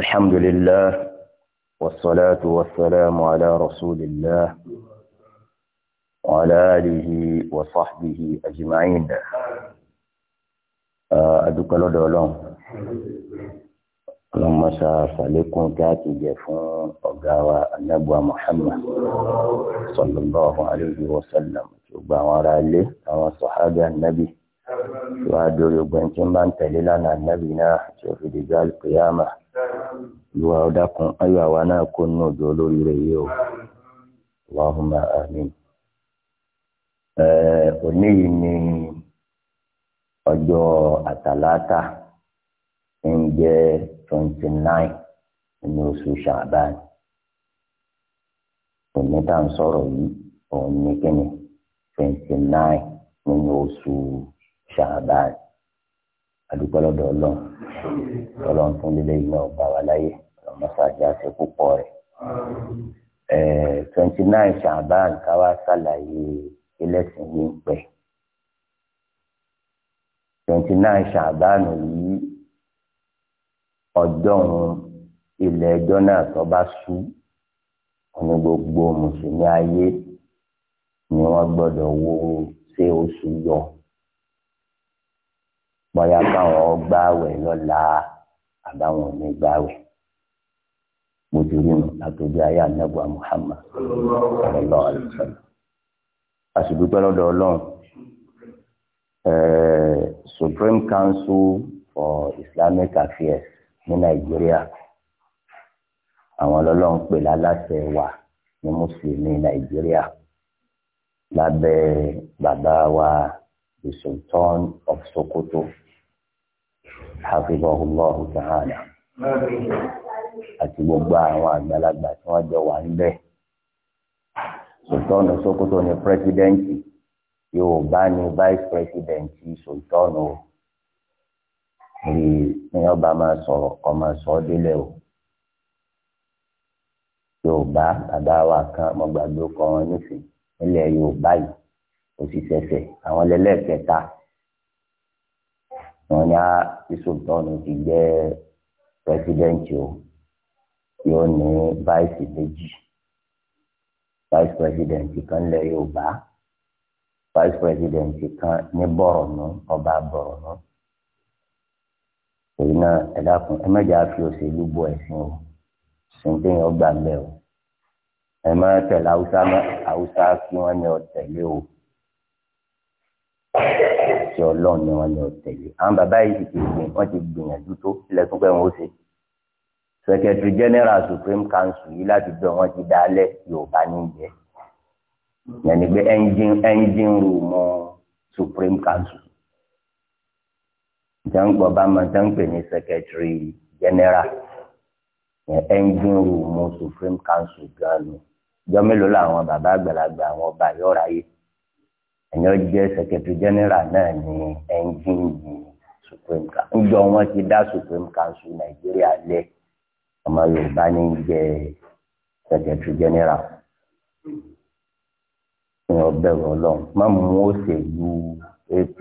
الحمد لله والصلاة والسلام على رسول الله وعلى آله وصحبه أجمعين آه، أدوك الله لهم اللهم شاف عليكم كاتي جفون أقاوى النبوة محمد صلى الله عليه وسلم شبا وراء لي أو صحابة النبي وأدور يبنتم من تليلنا النبي ناح دجال قيامة ìwà ọ̀dàkùn ayọ̀ àwa náà kó nínú òjò olóríire yìí o Allahumma amin. òní yìí ni ọjọ́ àtàlátà ń jẹ́ 29 nínú oṣù ṣàbán òní tá à ń sọ̀rọ̀ yìí òun ní kíni àdúgbò lọ́dọ̀ ọlọ́run ọlọ́run tún lélẹ̀ yìí náà bá wa láyé ọlọ́mọsáàjì àti púpọ̀ rẹ̀. twenty nine ṣàbáàn káwá ṣàlàyé ẹlẹ́sìn yìí ń pẹ́ twenty nine ṣàbáàn yìí ọjọ́run ilẹ̀ ẹjọ́ náà tó bá sú ní gbogbo mùsùlùmí ayé ni wọ́n gbọ́dọ̀ wo ṣé oṣù yọ bóyá káwọn gbáwẹ̀ lọ́la àbáwọn ò ní gbáwẹ̀ mo ti rí nu látọjú ayé anábùa Muhammad sallallahu alaihi wasallam àṣìdúpẹ́ lọ́dọ̀ Ọlọ́run Supreme Council for Islamic Affairs ní Nàìjíríà àwọn ọlọ́run pè láláṣẹ wa ní mùsùlùmí Nàìjíríà lábẹ́ bàbá wa the Sultan of Sokoto, Hafizahullah Ta'ala. Àti gbogbo àwọn àgbàlagbà tí wọ́n jọ wà níbẹ̀. Sultan of Sokoto ni pírẹ́sidẹ́ǹtì, Yorùbá ni vice pírẹ́sidẹ́ǹtì Sultan o. Rí ní ọba máa sọ̀rọ̀ kọ́ máa sọ ọ́ délẹ̀ o. Yorùbá bàbá wa kan mo gbàgbé kọ́ wọn nílẹ̀ Yorùbá yìí ó sì ṣẹ̀ṣẹ̀ àwọn lẹ́lẹ́kẹta wọn ní isotọ́nù ti jẹ́ pẹ́sidẹ́ǹtì o yóò ní báìsì méjì vice president kan lẹ̀ Yorùbá vice president kan ní Bọ̀rọ̀nù ọba Bọ̀rọ̀nù èyí náà ẹ dákun ẹ mẹjọ á fi òṣèlú bo ẹ̀sìn o sèǹtẹ̀yìn ọgbà ń bẹ̀ o ẹ má tẹ̀lé haúsá kí wọ́n ní ọ o ṣe ọlọ́run ni wọ́n ní ọ̀tẹ̀lé àwọn bàbá yìí ti gbìn wọ́n ti gbìyànjú tó lẹ́tún pé wọ́n ó ṣe secretary general supreme council yìí láti bẹ̀ wọ́n ti dálẹ̀ yorùbá ní ìjẹ́ yẹnni pé engine engine room supreme council jẹ́ǹgbọ́ bá máa jẹ́ǹpẹ̀ ní secretary general engine room supreme council gan-an jọ́ mélòó làwọn bàbá àgbàlagbà àwọn ọba yọ̀ọ̀ráyé ẹ̀yàn jẹ́ secretary general náà ní ẹ́ńjìnì supreme council ńjọ wọn ti dá supreme council nàìjíríà lẹ ọmọ yorùbá ní jẹ́ secretary general ní ọbẹ̀ ọlọ́run má mú òṣèlú apc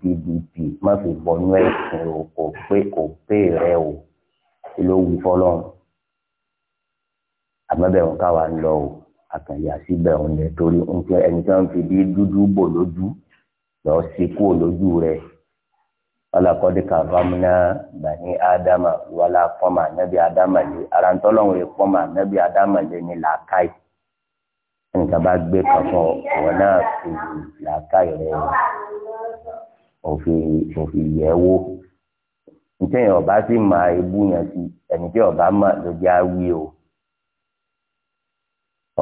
pdp má fi bọnú ẹ̀sìn o kò pé kò pé rẹ o ló wù fọlọ́run àmọ́bẹ̀ wọn káwa ń lọ o àkànyà síbẹ̀ òun lẹ torí oúnjẹ ẹni tí wọ́n fi bí dúdú bò lójú lọ sí kú lójú rẹ̀ ọlọ́kọ́dé kàfámúná bani ádámà wọlá fọ́mà ànábì ádámà lé ara ń tọ́lọ́hún lè fọ́mà ànábì ádámà lé ní làákàyè nǹkan bá gbé kan fún ọ̀wọ́ náà fi làákàyè rẹ̀ òfin òfin yẹ̀ wò ntẹ̀yìn ọba sì máa ebú yẹn sí ẹni tí ọba mà ló jẹ́ o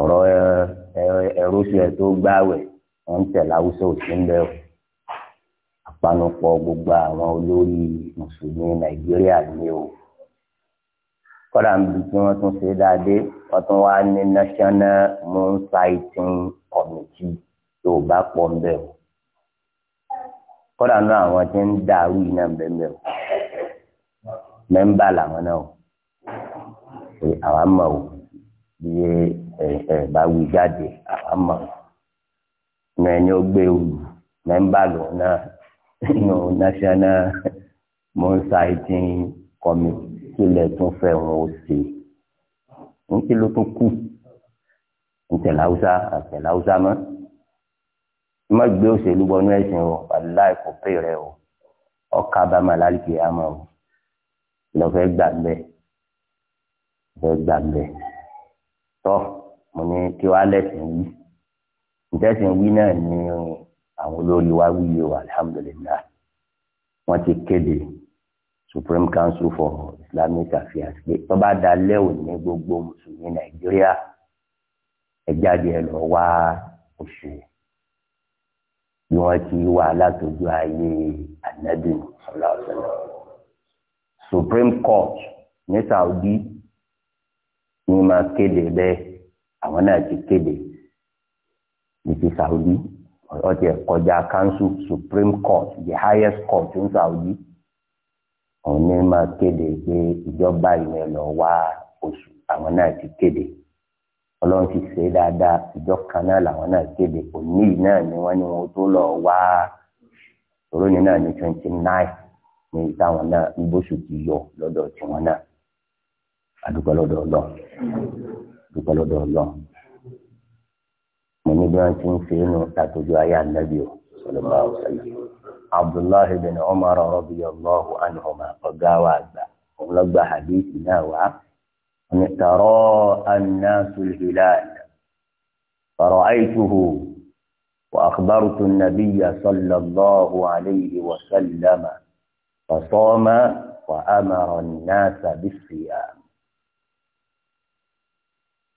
ọ̀rọ̀ ẹ̀rọ tiẹ̀ tó gbáwẹ̀ wọ́n ń tẹ̀lé haúsá òsì ń bẹ̀ ọ́ àpanupọ̀ gbogbo àwọn olórí mùsùlùmí nàìjíríà ni o kọ́dà ń bi tí wọ́n tún ṣe dáadé wọ́n tún wá ní national moon sighting committee tó bá pọ̀ ń bẹ̀ ọ́ kọ́dà náà àwọn tí ń dàrú yìí náà ń bẹ̀ mẹ́ńbà làwọn náà o àwọn mọ̀ o bí ẹ bá wí jáde àwa mọ̀ ní ẹni ó gbé olù mẹ́ńbà lòun náà nínú national monsighting committee kílẹ̀ tún fẹ́ wọn ó ṣe ń kí ló tún kù ń tẹ̀lé haúsá àtẹ̀lé haúsá mọ́ má gbé òṣèlú bọnú ẹ̀sìn o aláì kò pè rẹ o ọkà bá máa lálùkì àmọ́ o lọ́fẹ́ gbà bẹ́ẹ̀ lọ́fẹ́ gbà bẹ́ẹ̀ tọ́. So, mo ní kí wàá lẹ́sìn wí ìtẹ́sìn wí náà ni àwọn olórí wa wí o alhamdulilah wọ́n ti kéde Supreme Council for Islamic Affairs pé tó bá da lẹ́wọ̀n ní gbogbo mùsùlùmí Nàìjíríà ẹ jáde ẹ lọ wá oṣù bí wọ́n ti wà látọjú ayé anabi sallallahu Supreme Court ní Saudi ni máa kéde bẹ́ẹ̀. àwọn náà ti kéde ní ti Saudi ọtí ẹ kọjá council supreme court the highest court ní Saudi òun ní máa kéde pé ìjọba lọ wá oṣù àwọn náà ti kéde ọlọ́run ti ṣe dáadáa ìjọ kan náà làwọn náà kéde òní náà ni wọ́n ní tó lọ wá náà ní twenty nine ní táwọn náà dúpẹ́ lọ́dọ̀ ọlọ́run mo ní bí wọ́n ti ń ṣe é nu tàtòjú ayé ànábì o sọlọ́mọ àwòsàlẹ̀ abdullahi bin umar radiyallahu anhuma ọ̀gá wa àgbà òun lọ gba hadithi náà wá ní tàrọ́ annasu hilal fara'aytuhu وأخبرت النبي صلى الله عليه وسلم فصام وأمر الناس بالصيام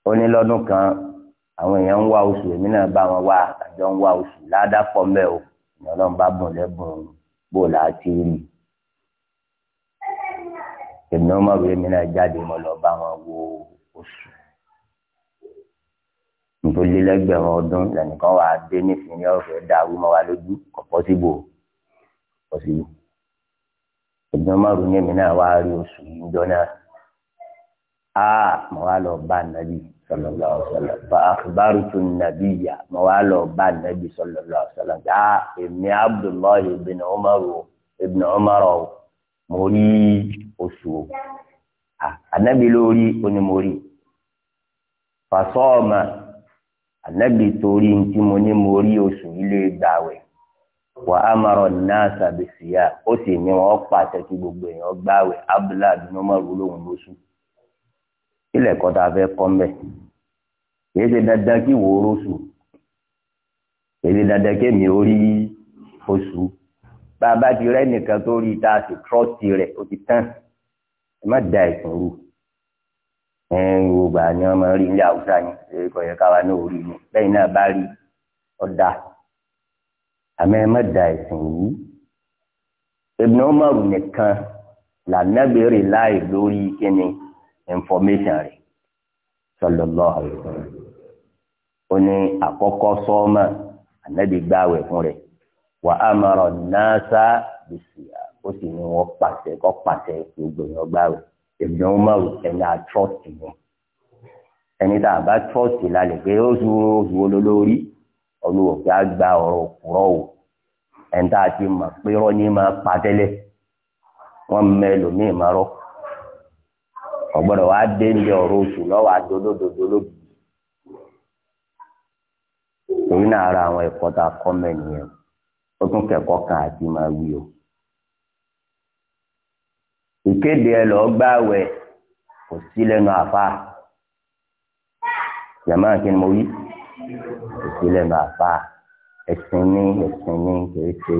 ó ní lọ́dún kan àwọn èèyàn ń wá oṣù èmi náà bá wọn wá àjọ ń wá oṣù ládàpọ̀ mbẹ́ o ní ọlọ́run bá bùn lẹ́bùn bò láti rí èmi náà má wíwé mi náà jáde mo lọ bá wọn wo oṣù nítorí ọdún lẹ́nìkan wà á dé nísìnyí ọ̀fẹ́ dàrú mọ́ wa lójú ọ̀pọ̀ síbò ọ̀sibò èmi náà má wíwé mi náà wá rí oṣù yìí jọ náà a mo wá lọ bá nàbí sallallahu alaihi wasallam fa akhbartu nàbíyà mo wá lọ bá nàbí sallallahu alaihi wasallam a èmi abdullahi ibn umar ibn umar mo rí oṣù o anabi lórí onímọ̀rí fasọ́ọ̀mà anabi torí ntí mo ní mo rí oṣù ilé gbàwẹ̀ wà á marọ̀ náà sàbẹ̀sìyà ó sì ní wọn pàṣẹ kí gbogbo èèyàn gbàwẹ̀ abdullahi ibn umar lóhùn lóṣù ilẹ̀ kọ́ tá a fẹ́ kọ́ mbẹ́ kìí ṣe dandan kí wò ó rọ́ṣù kìí ṣe dandan kí èmi orí oṣù bá a bá ti rẹ́ nìkan tó rí tá a sì trọ́ọ̀tì rẹ̀ ó ti tán ẹ má da ẹ̀sìn rú ẹ̀ẹ́n gbogbo àná ọmọ rí ilé haúsá yín èyí kò yẹ káwa náà rí ni lẹ́yìn náà bá rí ọ̀dà àmọ́ ẹ má da ẹ̀sìn rú Ibn Umar nìkan làǹdàgbèrè láì lórí kíni information rẹ̀ sallallahu alaihi wasallam ó ní àkọ́kọ́ sọ́ọ́mà ànábì gbáwẹ̀ fún rẹ̀ wa amara an-nasa bis-siyam ó sì ní wọ́n pàṣẹ kọ́ pàṣẹ gbogbo èèyàn gbáwẹ̀ èmi ò mọ̀ ẹni àtrọ́ọ̀tì ẹni tá a bá trọ́ọ̀tì lálẹ́ pé ó su oṣù olólórí olùwòkè á gba ọ̀rọ̀ òkúrọ̀ o ẹni tá a ti mọ̀ pé rọ́ ní máa pa tẹ́lẹ̀ wọ́n mẹ́lòmíì máa rọ́ ọ̀gbọ́dọ̀ wá dé ní ọ̀rọ̀ oṣù lọ́wọ́ adolódodo lóbi torí náà ara àwọn ẹ̀kọ́ tá a kọ́ mẹ́nìyàn ó tún kẹ́kọ̀ọ́ kan àti máa wí o ìkéde ẹ lọ gbààwẹ̀ kò sí lẹ́nu àfa jàmá kí ni mo wí kò sí lẹ́nu àfa ẹ̀sìn ní ẹ̀sìn ní kìí ṣe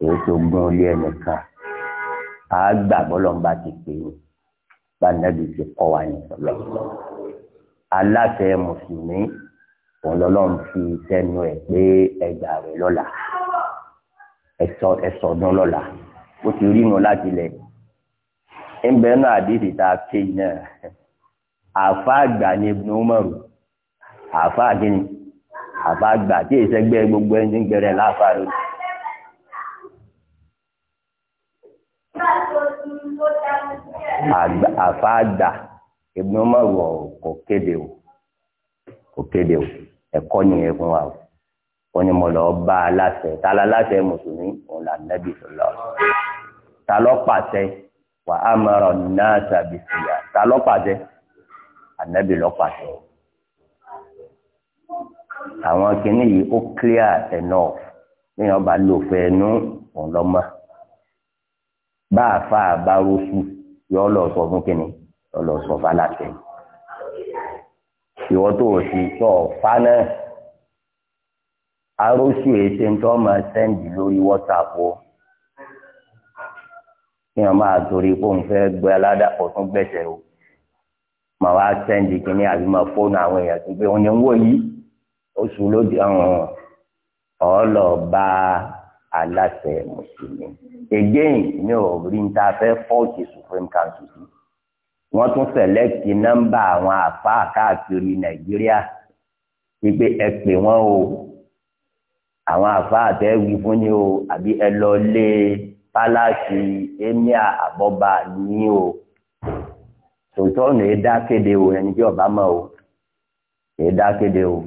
kìí ṣe ogún ilé ẹnìkan àá gbà bọ́lọ̀ ń bá ti pè é bá nàbì ti kọ́ wa yẹn lọ. aláṣẹ mùsùlùmí òun lọ́lọ́run fi sẹ́nu ẹ̀ pé ẹgbàá rẹ̀ lọ́la ẹ̀sọ̀dún lọ́la ó ti rí nu láti lẹ̀ ńbẹ náà àdìsí tá a náà àfa àgbà ni Ibn Umar àfa àgbà àfa àgbà tí èsẹ́gbẹ́ gbogbo ẹni ń gbẹrẹ láfa lónìí. àfáàgbà Ibn Umar kò kéde o kò kéde o ẹ̀kọ́ nìyẹn fún wa o wọ́n ní mo lọ bá a láṣẹ ta la láṣẹ mùsùlùmí òun là nẹ́bí sọlọ ta ló pàṣẹ wa amara an-nasa bis-siyam ta ló pàṣẹ ànẹ́bí ló pàṣẹ o àwọn kìnnìyí ó clear enough ní ọba lòfẹ́ ẹnu òun lọ́mọ bá a fa àbároṣù yọ lọ sọ fún kínní yọ lọ sọ fálàṣẹ ìwọ tó o sì sọ fa náà arósù èsè ń tọ́ máa sẹ́ǹdì lórí wọ́sàpù o kí wọn máa torí pé òun fẹ́ gbé aládàpọ̀ tún gbẹ̀sẹ̀ o màá wá sẹ́ǹdì kínní àbí máa fóònù àwọn èèyàn tó gbé wọn ni ń wò yìí oṣù lóde ọ̀hún ọ̀ lọ bá a aláṣẹ mùsùlùmí again ní òbí níta fẹ́ fọ́ọ̀tì supreme council sí wọ́n tún sẹ̀lẹ́kì nọ́mbà àwọn àfáà káàkiri nàìjíríà wípé ẹ pè wọ́n o àwọn àfáà tẹ́ wí fún ni o àbí ẹ lọ lé pálásì emir àbọ́bà ní o tòótọ́ ọ̀nà ẹ dá kéde o ẹni tí ọba mọ̀ o ẹ dá kéde o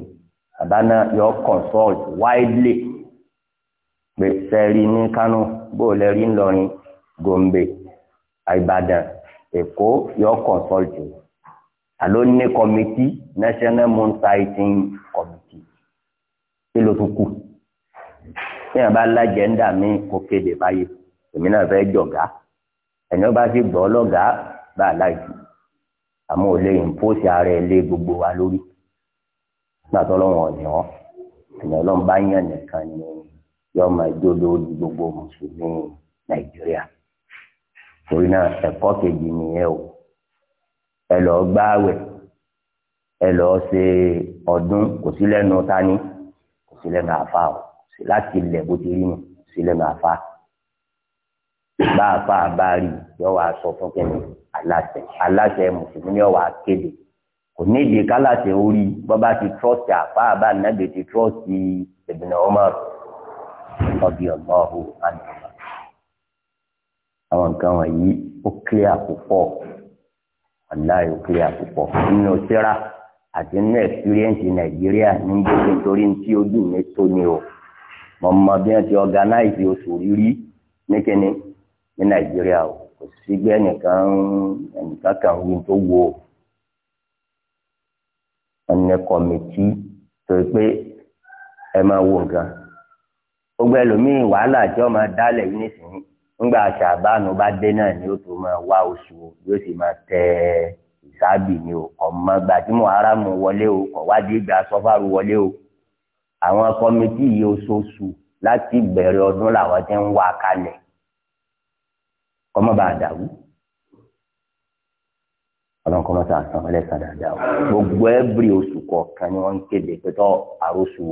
bàbá yọ consult widely pé sẹ́ẹ̀rí ní Kánò bóòlẹ̀ rí ńlọrin Gombe Ìbàdàn Èkó yóò consult àló ní kọ́mítì National Moon Sighting Committee kí ló tún kù tí yẹn bá lájẹ̀ńdà mi kó kéde báyìí èmi náà fẹ́ jọ̀gá ẹ̀yìn ọba sì gbọ́ lọ́gàá bá a láì jù àmọ́ ò lè ìmpósì ara ẹ̀ lé gbogbo wa lórí nígbà tó lọ́wọ́ ọ̀nìyàn ẹ̀yìn ọlọ́run bá yàn nìkan ni yóò máa jó lórí gbogbo mùsùlùmí nàìjíríà torí náà ẹ̀kọ́ kejì nìyẹn o ẹ lọ gbààwẹ̀ ẹ lọ ṣe ọdún kò sí lẹ́nu tání kò sí lẹ́nu àfa o láti ilẹ̀ bó ti rí nù kò sí lẹ́nu àfa bá a fa àbárí yóò wá sọ fún kẹ́mi aláṣẹ aláṣẹ mùsùlùmí yóò wá kéde kò ní èdè kálàṣẹ orí bọ́bá ti trọ́ọ̀tì àfa àbá nàbẹ̀ ti trọ́ọ̀tì Ibn Umar radiyallahu anhu àwọn nǹkan wọ̀nyí ó clear púpọ̀ aláì ó clear púpọ̀ nínú síra àti nínú experience nàìjíríà ní gbogbo nítorí tí ojú mi tó ni o mo mọ bí wọn ti organize oṣù rírí ní kíni ní nàìjíríà o kò sígbẹ́ nìkan ẹnìkan kan wí tó wo o ẹnì kọ̀mìtì tó pé ẹ máa wo nǹkan gbogbo ẹlòmíín wàhálà àjọ máa dálẹ̀ yìí nísìnyí ńgbà ṣàbánu bá dé náà ni ó tó máa wá oṣù yóò sì máa tẹ ìsáàbì ni o kò mọ gbà tí mo ara mu wọlé o kò wádìí gbà sọfàrù wọlé o àwọn kọmitì yìí oṣooṣù láti bẹ̀rẹ̀ ọdún làwọn ti ń wá kalẹ̀ kọ́mọ bá dàrú ọlọ́run kọ́mọ sá san ẹlẹ́sàn gbogbo ẹ́bírì oṣù kọ̀ọ̀kan ni wọ́n ń kéde pé tọ́ àròsù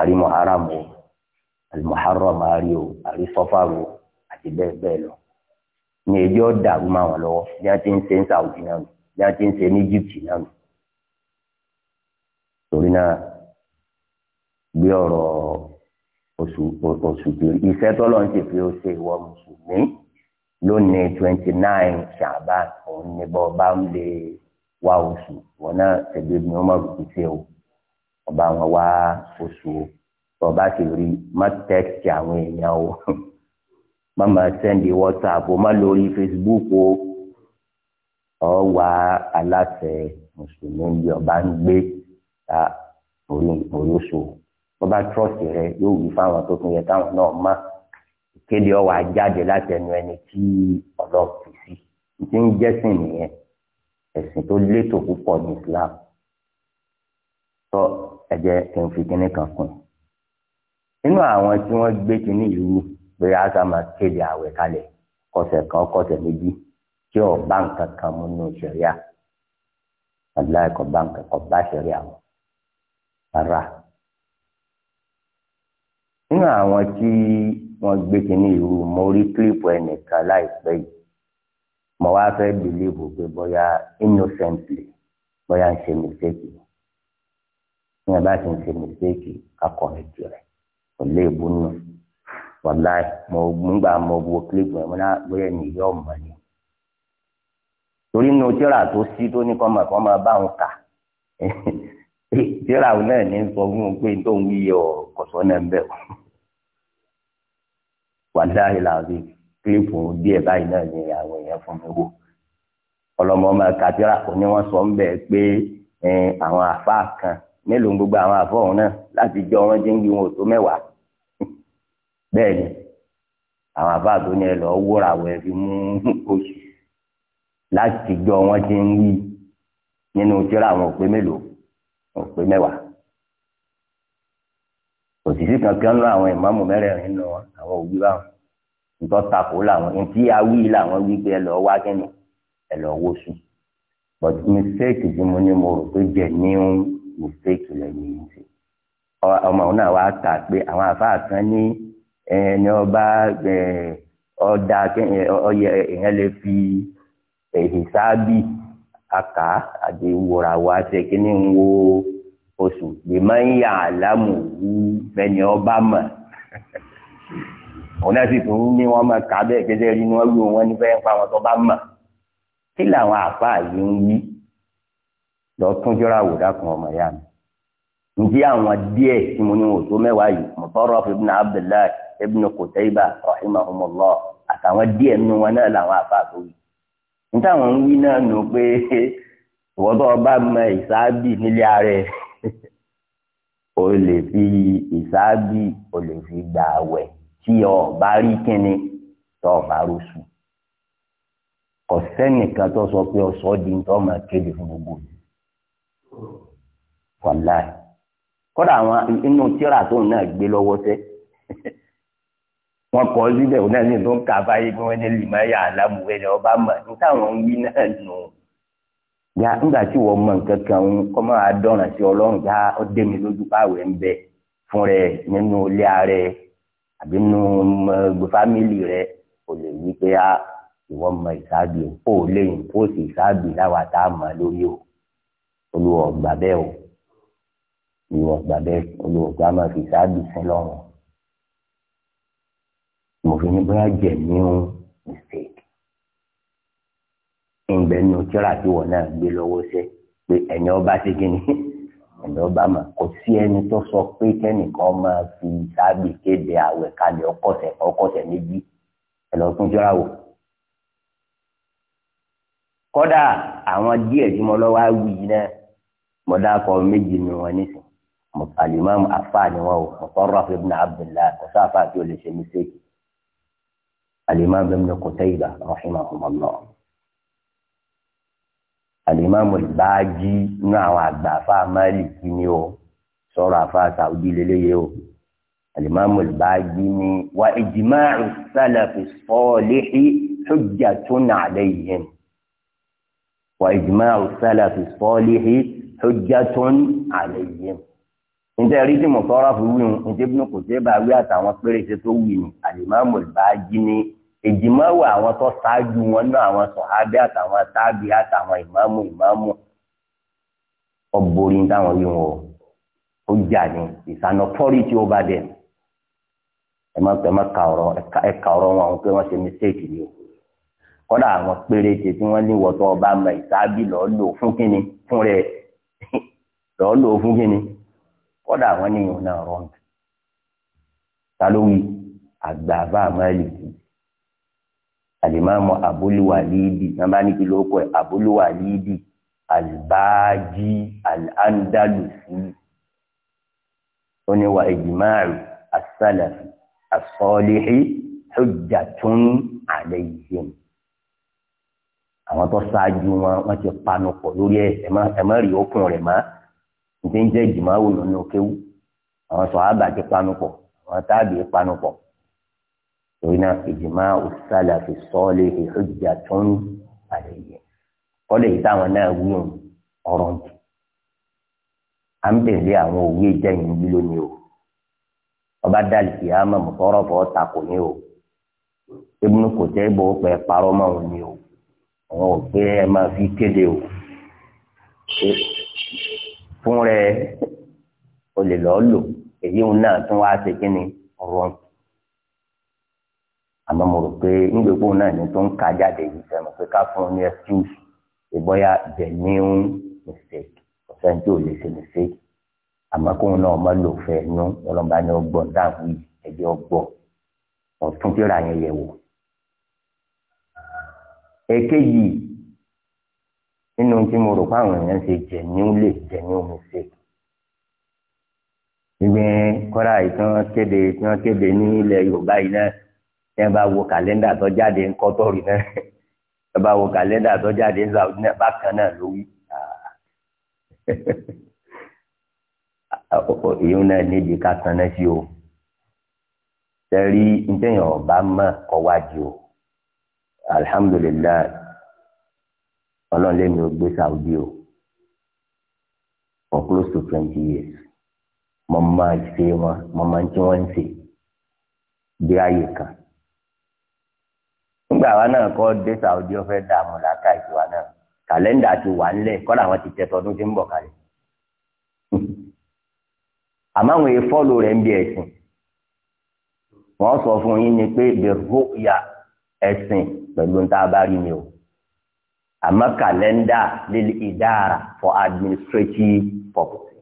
àrímọ̀ o alimuharram ari o àrí sọfàrò àti bẹ́ẹ̀ bẹ́ẹ̀ lọ ní ẹjọ́ dàrú máa wọn lọ́wọ́ bí wọ́n ti ń ṣe ní Saudi náà nù bí wọ́n ti ń ṣe ní Egypt náà nù torí náà gbé ọ̀rọ̀ oṣù oṣù tó iṣẹ́ ń ṣe pé ó ṣe ìwọ mùsùlùmí lónìí twenty nine ṣàbá òun ni bọ́ bá ń lè wá oṣù wọn náà ṣẹ̀gbẹ́ mi ó mọ̀ ṣe o ọba wọn wá oṣù o bọ́ba ti rí má tẹ́kìtì àwọn èèyàn o má má sẹ́ndì wọ́tsáàpù má lórí fesibúùkù o ọ wá aláṣẹ mùsùlùmí bí ọba ń gbé ta orí oríṣo bọ́ba trọ́ọ̀sì rẹ yóò wí fáwọn tó tún yẹ táwọn náà má kéde ọwọ́ ajáde láti ẹnu ẹni tí ọlọ́ọ̀tì sí ti ń jẹ́sìn nìyẹn ẹ̀sìn tó létò púpọ̀ ní Islam tọ́ ẹ jẹ́ kí n fi kíní kan kún un nínú àwọn tí wọ́n gbé kínní ìlú pé àṣà máa kéde àwẹ̀ kalẹ̀ kọsẹ̀ kan kọsẹ̀ méjì tí ò bá nǹkan kan mú nínú ṣẹ̀ríà àdúrà kò bá nǹkan kan bá ṣẹ̀ríà wọn rárá. nínú àwọn tí wọ́n gbé kínní ìlú mo rí kílípù ẹnìkan láìpẹ́ yìí mo wá fẹ́ bìlíìbù pé bóyá innocently bóyá ń ṣe mistake ni bí bá ti ń ṣe mistake kakọ̀ ẹ̀jẹ̀ rẹ̀ kò léèbù nù wàláì mo gbà mo wo kílípù ẹ̀ mọ́ná ah, bóyá ní ìyá ọ̀mọ́ ni. torí nu tíra tó sí tó ní kọ́mọ̀ kọ́ máa bá wọn kà tíra náà ní sọ fún un pé tó ń wíyẹ ọ kọ̀sọ́ náà ń bẹ̀ wọ́n. wàláì làwọn kílípù díẹ̀ báyìí náà ní àwọn èèyàn fún mi wò ọlọmọ ọmọ kàdíra òní wọn sọ ń bẹ pé àwọn àfa kan mélòó gbogbo àwọn àfọ ọhún náà láti jọ wọn jẹ ń gbé wọn tó mẹ́wàá bẹ́ẹ̀ ni àwọn àbá tó ní ẹ lọ wúra wẹ fi mú oṣù láti jọ wọn ti ń wí nínú tíra àwọn òpè mélòó òpè mẹ́wàá òṣìṣẹ kankan nínú àwọn ìmáàmù mẹ́rẹ̀ẹ̀rin nínú àwọn òbí báwọn nǹkan takò làwọn ntí awí làwọn wí pé ẹ lọ wá kínní ẹ lọ wó sùn but mistake tí mo ní mo rò pé jẹ ní mistake lẹ́yìn ìṣe ọmọ náà wàá kà pé àwọn àfáà kan ní. ẹni ọba ọ̀dà ọyẹ lè fi èyí aka àti wòrà wá ṣe kíní ń wo oṣù gbèmọ ń yà lámù wú fẹni ọba mọ òun náà sì ní wọn máa kà bẹ́ẹ̀ gẹ́gẹ́ rí wọn wọn ní fẹẹ pa tó bá mọ kí làwọn yìí ń wí lọ tún jọra àwọn tí ibn Qutayba rahimahumullah àtàwọn díẹ̀ nínú wọn náà làwọn afáàfó wí níta wọn ń wí náà nù pé ìwọ́n tó ọba mọ ìsáábì nílé ààrẹ o lè fi ìsáábì o lè fi gbà àwẹ̀ tí o bá rí kíni tó o rúṣù kò sẹ́nìkan tó sọ pé ọ̀sọ́ di ń tọ́ máa kéde fún gbogbo mi wàláì àwọn inú tíra tóun náà gbé lọ́wọ́ sẹ́ẹ́ wọn kọ síbẹ̀ wọn náà ní tó ń kà báyìí pé wọ́n ní lìmáyà alámùwẹ́ ni ọba mọ̀ ní táwọn ń wí náà nù. ya nígbà tí wọ́n mọ nǹkan kan ń kọ́ máa dọ̀ràn sí ọlọ́run já ó dé mi lójú páwẹ̀ ń bẹ fún rẹ nínú ilé ààrẹ àbí nínú fámìlì rẹ kò lè wí pé a ìwọ́n mọ ìsáàbì ó lè ìmpóòsì ìsáàbì láwa tá a mọ̀ lórí o olùwọ̀ bẹ́ẹ̀ o olùwọ̀ bẹ́ẹ̀ olùwọ̀ máa fi ìsáàbì sí lọ́rùn mo fi ní bóyá jẹ new mistake ìgbẹ́ nu tíra tí wọ́n náà gbé lọ́wọ́ sẹ́ pé ẹ̀yin ọba ṣe kí ni ẹ̀yin ọba mà kò sí ẹni tó sọ pé kẹ́nìkan máa fi sábì kéde àwẹ̀ kalẹ̀ ọkọ̀sẹ̀ ọkọ̀sẹ̀ méjì ẹ̀ lọ tún tíra wò kódà àwọn díẹ̀ tí mo lọ́wọ́ á wí náà mo dákọ̀ méjì nu wọn nísìn alimami afa ni wọn o mọ̀tọ́rọ̀ ibn abdullah kò sáfà tí o lè ṣe mistake الإمام ابن قتيبة رحمه الله الإمام الباجي نعم عبافا مالك نيو سورة فا سعودي لليو الإمام الباجي ني وإجماع السلف الصالح حجة عليهم وإجماع السلف الصالح حجة عليهم njẹ rídì mọ̀tọ́ra fún wíwọ̀n njẹ bí kò tẹ́ bá wí àtàwọn péréte tó wí ni alimami bá jí ìjìmáwò àwọn tó ṣáájú wọn náà àwọn sọ̀hábí àtàwọn tábì àtàwọn ìmáàmù ìmáàmù ọ̀bọ̀rin táwọn yìí wọn ó jà ní ìsànà pọ́rìtì over them ẹ má ẹ má ka ọ̀rọ̀ ẹ ka ọ̀rọ̀ wọn pé ṣe mistake ni àwọn péréte tí wọ́n tó ọba mọ ìsábí lọ́ọ́ lò fún fún rẹ̀ alimami abuluwalidi nàbà ní kìlọ̀ ọkọ̀ abuluwalidi albaji alandalusi oníwà ìjìmáàrú asálàfì asọ́lìhì hujjatun alayhim àwọn tó ṣáájú wọn wọn ti panu pọ̀ lórí ẹ ẹ má rí okun rẹ̀ má nítorí jẹ́ ìjìmáwò nínú kéwú àwọn sọ̀hábà ti panu pọ̀ àwọn táàbì panu pọ̀ torí náà ìjìmá salafi salih hujjatun alayhi kọ́lẹ̀ yìí táwọn náà wí òun ọ̀rọ̀ jù à ń tẹ̀lé àwọn òwe jẹ́yìn yìí lónìí o ọba dàlìkì àmọ́ mùsọ̀rọ̀fọ̀ takò ní o ebínú kò tẹ́ bọ́ pẹ́ parọ́ mọ́ òun ní o àwọn òbí ẹ máa fi kéde o fún rẹ o lọ́ọ́ lò èyí òun náà tún wá ṣe kí ni ọ̀rọ̀ jù àmọ́ mo rò pé ńgbègbò náà ní tó ń ka jáde yìí sẹ́mu pé ká fún un ní excuse ìbọ́yá the new mistake ọ̀sẹ̀ tí ò lè ṣe mistake àmọ́ kóun náà ọmọ lò fẹ́ ẹnu ọlọ́mọba ni ọgbọ́n dáhùn yìí ẹ̀jẹ̀ ọgbọ́n ọ̀tún tíra yẹn yẹ̀ wò. èkejì nínú tí mo rò pé àwọn èèyàn ṣe genuine lè genuine mistake ìgbẹ́ kọ́ra ìtàn kéde ìtàn kéde ní ilẹ̀ Yorùbá yìí náà ẹ bá wo kàlẹ́ndà tó jáde ń kọ́ tọ́rì náà ẹ bá wo kàlẹ́ndà tó jáde ń Saudi náà bákan náà ló wí. ìyún náà níbi ká tanná sí o tẹ̀rí ntẹ̀yìn ọba mọ̀ kọ́ wájú o alihamudulilayi ọlọ́run lẹ́nu gbé Saudi o for close to twenty years mo máa ṣe wọn mo máa ń tí wọ́n ń ṣe bí ààyè kan ńgbà wa náà kọ́ dé Saudi ọ̀fẹ́ dààmú làákà ìtura náà kàlẹ́ndà ti wà ńlẹ̀ kọ́lá àwọn ti tẹ̀tọ̀ ọdún tí ń bọ̀ kalẹ̀ àmọ́ àwọn ìfọ́lù rẹ̀ ń bí ẹ̀sìn wọ́n sọ fún yín ni pé bẹ̀rù ya ẹ̀sìn pẹ̀lú tá bá rí ni o àmọ́ kàlẹ́ndà lílì ìdára for administrative purposes.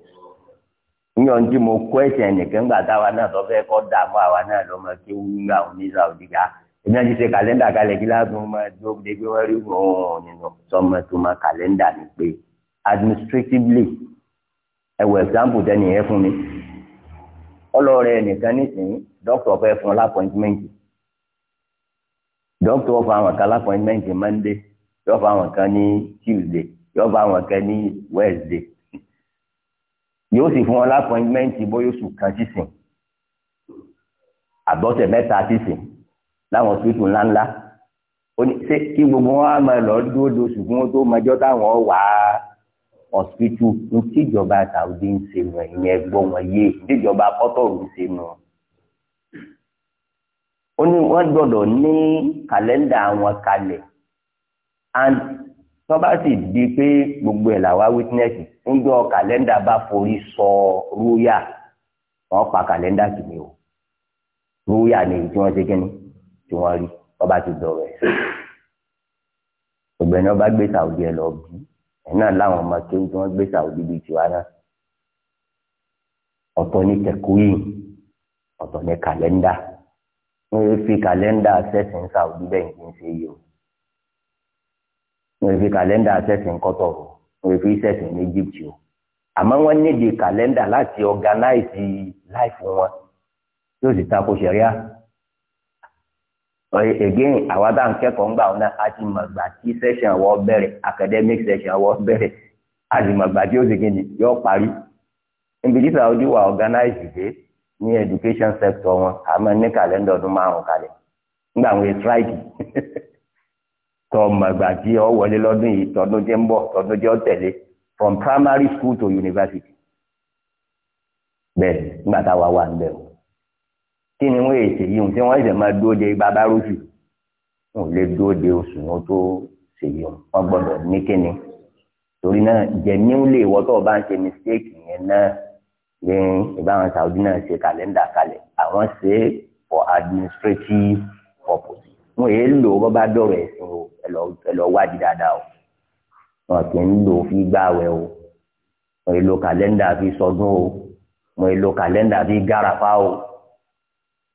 Nyọ̀n tí mo kọ́ ẹ̀sìn ẹnìkan gbà táwa náà sọ fẹ́ kọ́ dààmú àwa náà lọ́mọ kí wúlò àwọn ní Saudi Arabia ah, èmi àti ṣe kàlẹ́ndà kalẹ̀ kí látún máa dúró de wọ́n rí wọ́n nínú sọmọ tó máa kàlẹ́ndà ni pé administratively ẹwọ example tẹ́ni ẹ fún mi ọlọ́ọ̀rẹ́ nìkan nísìnyí doctor fẹ́ fún ọ lápọ́ìntmẹ́ǹt doctor fún àwọn kan lápọ́ìntmẹ́ǹt monday yóò fún àwọn kan ní tuesday yóò fún àwọn kan ní wednesday yóò sì fún ọ lápọ́ìntmẹ́ǹt bóyá oṣù kan sísìn àbọ̀sẹ̀ mẹ́ta sísìn láwọn sípò ńláńlá ó ní ṣé kí gbogbo wọn á máa lọ dúró do ṣùgbọ́n tó mọjọ́ táwọn wà á ọ̀sìpìtù ní tíjọba Saudi ń ṣe wọn ìyẹn gbọ́ wọn yé tíjọba kọ́tọ̀rù ń ṣe wọn. ó ní wọ́n gbọ́dọ̀ ní kàlẹ́ndà àwọn kalẹ̀ and tọ́ba sì di pé gbogbo ẹ̀ làwa witness ń gbọ́ kàlẹ́ndà bá forí sọ rúyà wọ́n pa kàlẹ́ndà kìíní o rúyà ni tí wọ́n ṣe kí ni tí wọ́n rí ọba ti dọ̀rọ̀ ẹ̀ obìnrin ọba gbé sàwùdí ẹ lọ bí ẹ náà láwọn ọmọ kéwù tí wọ́n gbé sàwùdí bíi tiwa náà ọ̀tọ̀ ní tẹ̀kúyìn ọ̀tọ̀ ní kàlẹ́ndà wọ́n yóò fi kàlẹ́ndà sẹ́sìn sàwùdí bẹ́ẹ̀ kí n ṣe yìí o wọ́n yóò fi kàlẹ́ndà sẹ́sìn kọ́tọ̀ o wọ́n yóò fi sẹ́sìn ní Egypt o àmọ́ wọ́n nídìí kàlẹ́ndà láti organize life wọn yóò sì ta ko ṣẹ̀ríà again àwa tá à ń kẹ́kọ̀ọ́ ń gbà wọn náà a ti mọ̀ gbà tí session wọ́ bẹ̀rẹ̀ academic session wọ́ bẹ̀rẹ̀ a ti mọ̀ gbà tí ó sì kejì yọ parí níbi títà ojú wa organize dé ní education sector wọn a máa ní kàlẹ́ndà ọdún márùn-ún kalẹ̀ nígbà wọn strike tọ́ mọ̀ gbà tí ọ wọlé lọ́dún yìí tọdún jẹ́ ń bọ̀ tọdún jẹ́ ọ tẹ̀lé from primary school to university bẹ́ẹ̀ nígbà táwa wà ń bẹ̀rù kí ni wọ́n èsè yìí tí wọ́n èsè máa dúró de bàbá rúṣù wọn ò lè dúró de oṣù wọn tó ṣèyí wọn gbọ́dọ̀ ní kíni torí náà jẹ̀míúlẹ̀ ìwọ tó o bá ń ṣe mistake yẹn náà ní ìbáwọn Saudi náà ṣe kàlẹ́ndà kalẹ̀ àwọn ṣe é for administrative purpose wọn èé lò ó bá dọ̀rọ̀ ẹ̀sìn o ẹ lọ wádìí dáadáa o wọn kì í lò fi gbààwẹ̀ o wọn èé lo kàlẹ́ndà fi sọdún o wọn èé lo kàlẹ́ndà fi gáràfá o.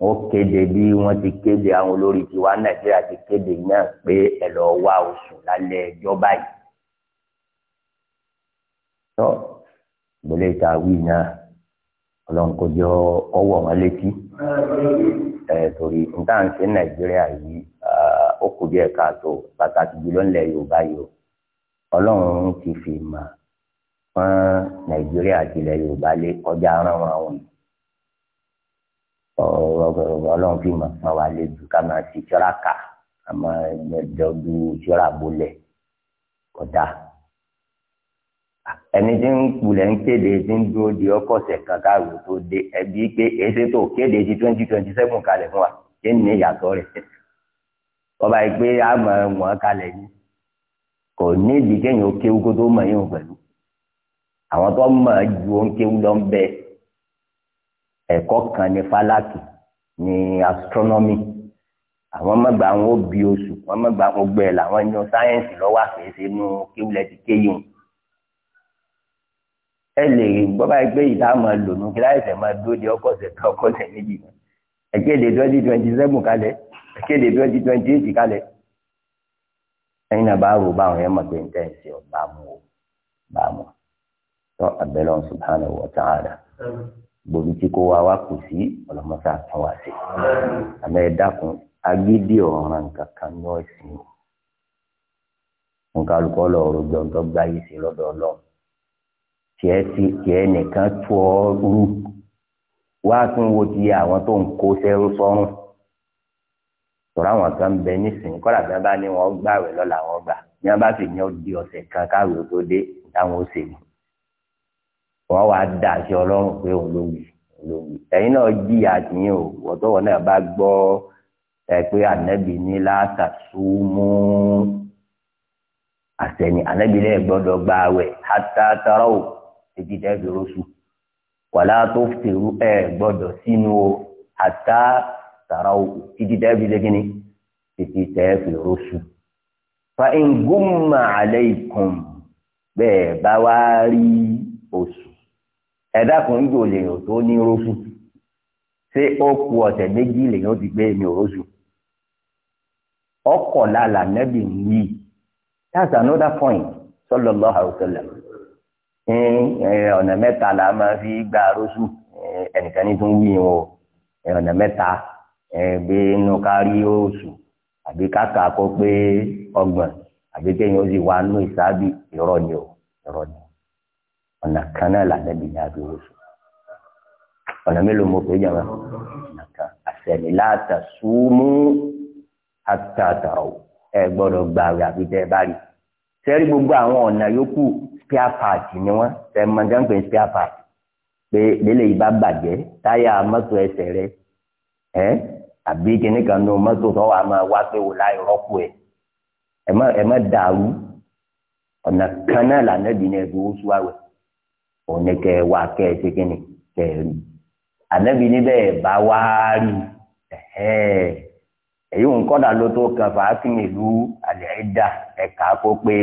wọ́n kéde bí wọn ti kéde àwọn olórí tiwa nàìjíríà ti kéde náà pé ẹ lọ wá oṣù lálẹ́ ẹjọ́ báyìí. tọ́ ìgbélé ìta wí náà ọlọ́run kò jọ ọwọ́ wọn létí. ẹ torí nta ń ṣe nàìjíríà yìí ó kù díẹ̀ káàtó pàtàkì jùlọ ńlẹ̀ yorùbá yìí o ọlọ́run ti fi mà fún nàìjíríà tilẹ̀ yorùbá lé kọjá ara àwọn yìí. ọlọ́run fi mọ̀ pọ́n wa lè jù ká máa fi tíọ́rà kà ká máa dọ́dú tíọ́rà bolẹ̀ kọ́dà. ẹni tí ń kulẹ̀ ń kéde tí ń dúró di ọkọ̀ọ̀sẹ̀ kan káàrò tó dé ẹbí pé èsì tó kéde ti twenty twenty seven kalẹ̀ fún wa ṣé ní ìyàtọ̀ rẹ̀ ọba yìí pé a mọ̀ wọ́n kalẹ̀ yìí kò ní ìdí kéèyàn ó kéwu kó tó mọ̀ yín pẹ̀lú àwọn tó mọ̀ ju ó ń kéwu lọ ń bẹ́ẹ̀ ẹ̀kọ́ kan ní falaki ní astronomy àwọn mọ̀gbà wọn ó bi oṣù wọn mọ̀gbà wọn gbẹ làwọn yan sáyẹ́ǹsì lọ́wọ́ àfẹ́sẹ̀ inú kíwulẹ̀ ti kéyìn ẹ lè bọ́bá ẹgbẹ́ yìí táwọn máa kí láìsẹ̀ máa dúró de ọkọ̀ ṣẹ̀ka ọkọ̀ ṣẹ̀ méjì ẹ̀kéde twenty twenty seven kalẹ̀ ẹ̀kéde twenty twenty eight kalẹ̀ ẹ̀yin náà bá rò báwọn yẹn mọ̀ pé n tẹ́ ẹ̀ ṣe ọ̀ bá mu ọ̀ bá mu tọ́ abẹ́lẹ́ subhanahu wa ta'ala gbòòrò tí kò wá wá kù sí ọlọmọsá tún wá sí àmọ́ ẹ dákun agídí ọ̀ràn kankan ní ọ̀sìn nǹkan alùpùpù lọ́ọ̀rọ̀ gbọ̀ngàn gbáyé sí lọ́dọ̀ ọlọ́run tiẹ̀ sí tiẹ̀ nìkan tó ọ rú wá tún wo ti àwọn tó ń kó sẹ́rú sọ́run sọ̀rọ̀ àwọn kan bẹ nísìnyí kọ́lá bí wọ́n bá ní wọ́n gbàwẹ̀ lọ́la wọ́n gbà bí wọ́n bá sì ní ó di kan káwé tó dé táwọn ó sèlú wọ́n wá dá àṣẹ ọlọ́run pé òun ló wí ló wí ẹ̀yin náà jìyà tìyín o wọ́tọ́wọ́ náà bá gbọ́ ẹ pé ànábì ní látàṣúmú àṣẹni ànábì náà gbọ́dọ̀ gba àwẹ̀ hátátárọ̀ o títí tẹ́ fi rọ́ṣù wàlá tó fèrú ẹ gbọ́dọ̀ sínú o hátátárọ̀ o títí tẹ́ fi lẹ́gínní títí tẹ́ fi rọ́ṣù fa ingumma aleikum bẹ́ẹ̀ bá wá rí oṣù. ẹ̀dá kan ń jò tó ní róṣù ṣé ó ku ọ̀sẹ̀ méjì lèèyàn ti gbé mi róṣù ọkọ̀ lálà nẹ́bì yìí that's another point sallallahu alaihi wasallam ọ̀nà mẹ́ta la máa fi gba rosu ẹnìkan ní tó ọ̀nà mẹ́ta gbé inú kárí oṣù àbí kó pé ọgbọ̀n àbí kéèyàn ó sì wá ni o ọ̀nà kan náà lànàbí ní abẹ́wò sùn ọ̀nà mélòó mo pè é jàmọ́ ọ̀nà kan àṣẹ̀ni láàtà súnmú àtàtàrọ̀ ẹ gbọ́dọ̀ gba àwẹ̀ àbí tẹ́ ẹ bá rí sẹ́rí gbogbo àwọn ọ̀nà yòókù spare part ni wọ́n tẹ́ mọ jẹ́ ń pè spare part pé lélẹ̀ yìí bá bàjẹ́ táyà mọ́tò ẹsẹ̀ rẹ ẹ́ àbí kìnnìkan nu mọ́tò tó wà máa wá pé wò láì rọ́pò ẹ̀ ẹ̀ má dàrú ọ̀nà kan náà lànà ní ẹ̀bùn oṣù àwẹ̀ òní kẹ wá kẹ ẹ ṣe kí ni kẹ ẹ rí ànábì níbẹ̀ bá wá rí èyí ń ló tó kan àlẹ́ ẹ̀dá ẹ̀ka kó pé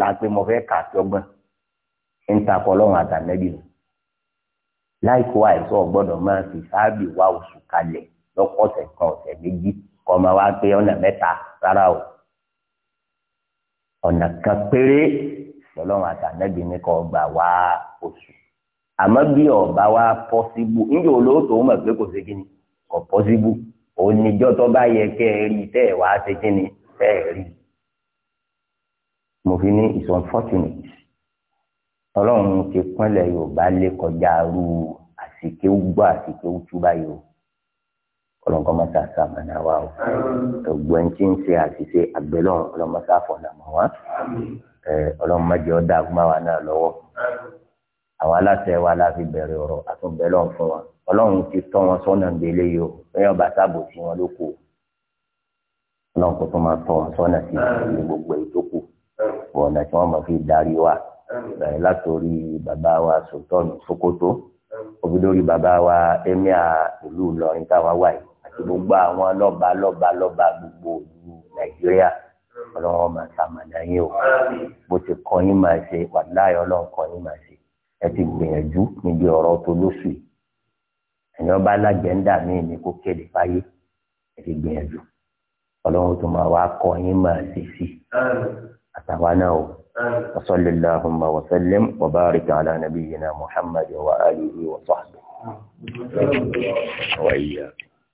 la pé mo fẹ́ kà sí ń takọ̀ àtànẹ́bì gbọ́dọ̀ máa fi sáàbì wá oṣù kalẹ̀ kan ọ̀sẹ̀ méjì kọ́ máa wá pé ọ̀nà mẹ́ta rárá o ọ̀nà kan péré lọ́lọ́run àtànẹ́bí ní kọ́ gbà wá oṣù àmọ́ bí ọba wa pọ́síbù níjẹ́ olóòótọ́ mọ̀ pé kò sí kíni kò pọ́síbù oníjọ́ tó bá yẹ kẹ́ ẹ rí tẹ́ ẹ wá ṣe kíni tẹ́ ẹ rí mo fi ní it's unfortunate ọlọ́run ti pọ́nlẹ̀ yorùbá lé kọjá rú àsìkéwú gbọ́ àsìkéwú tú báyìí kọlọ́nkọ́ máa ta sàmànà wa o gbogbo ẹni tí ń ṣe àṣìṣe àgbẹ̀lọ́ ọlọ́mọṣá fọ̀nàmọ́ wa ọlọ́mọdé ọ̀dà àgùnmá wa náà lọ́wọ́ àwọn aláṣẹ wa la fi bẹ̀rẹ̀ ọ̀rọ̀ àtúnbẹ̀lọ́ fún wa ọlọ́run ti tọ́ wọn sọ́nà délé yìí o ẹ̀yọ́ bá sábò sí wọn ló kù ọlọ́run kò máa tọ́ wọn sọ́nà sí ní gbogbo èyí kù ọ̀nà tí wọ́n máa fi darí wa bẹ̀rẹ̀ látòrí bàbá wa Sultan Sokoto òbí lórí bàbá wa emir ìlú Ìlọrin táwa wà yìí gbogbo àwọn lọ́ba lọ́ba lọ́ba gbogbo ìlú nàìjíríà ọlọ́run máa ṣàmàlà yín o bó ti kọ́ yín máa ṣe wàláyé ọlọ́run kọ́ yín máa ṣe ẹ ti gbìyànjú níbi ọ̀rọ̀ tó lóṣù yìí ẹ̀yin ọba alágbẹ̀ńdà míì ní kó kéde fáyé ẹ ti gbìyànjú ọlọ́run tó máa wá kọ́ yín máa ṣe sí àtàwa náà o وصل اللهم وسلم وبارك على نبينا محمد وآله وصحبه وإياك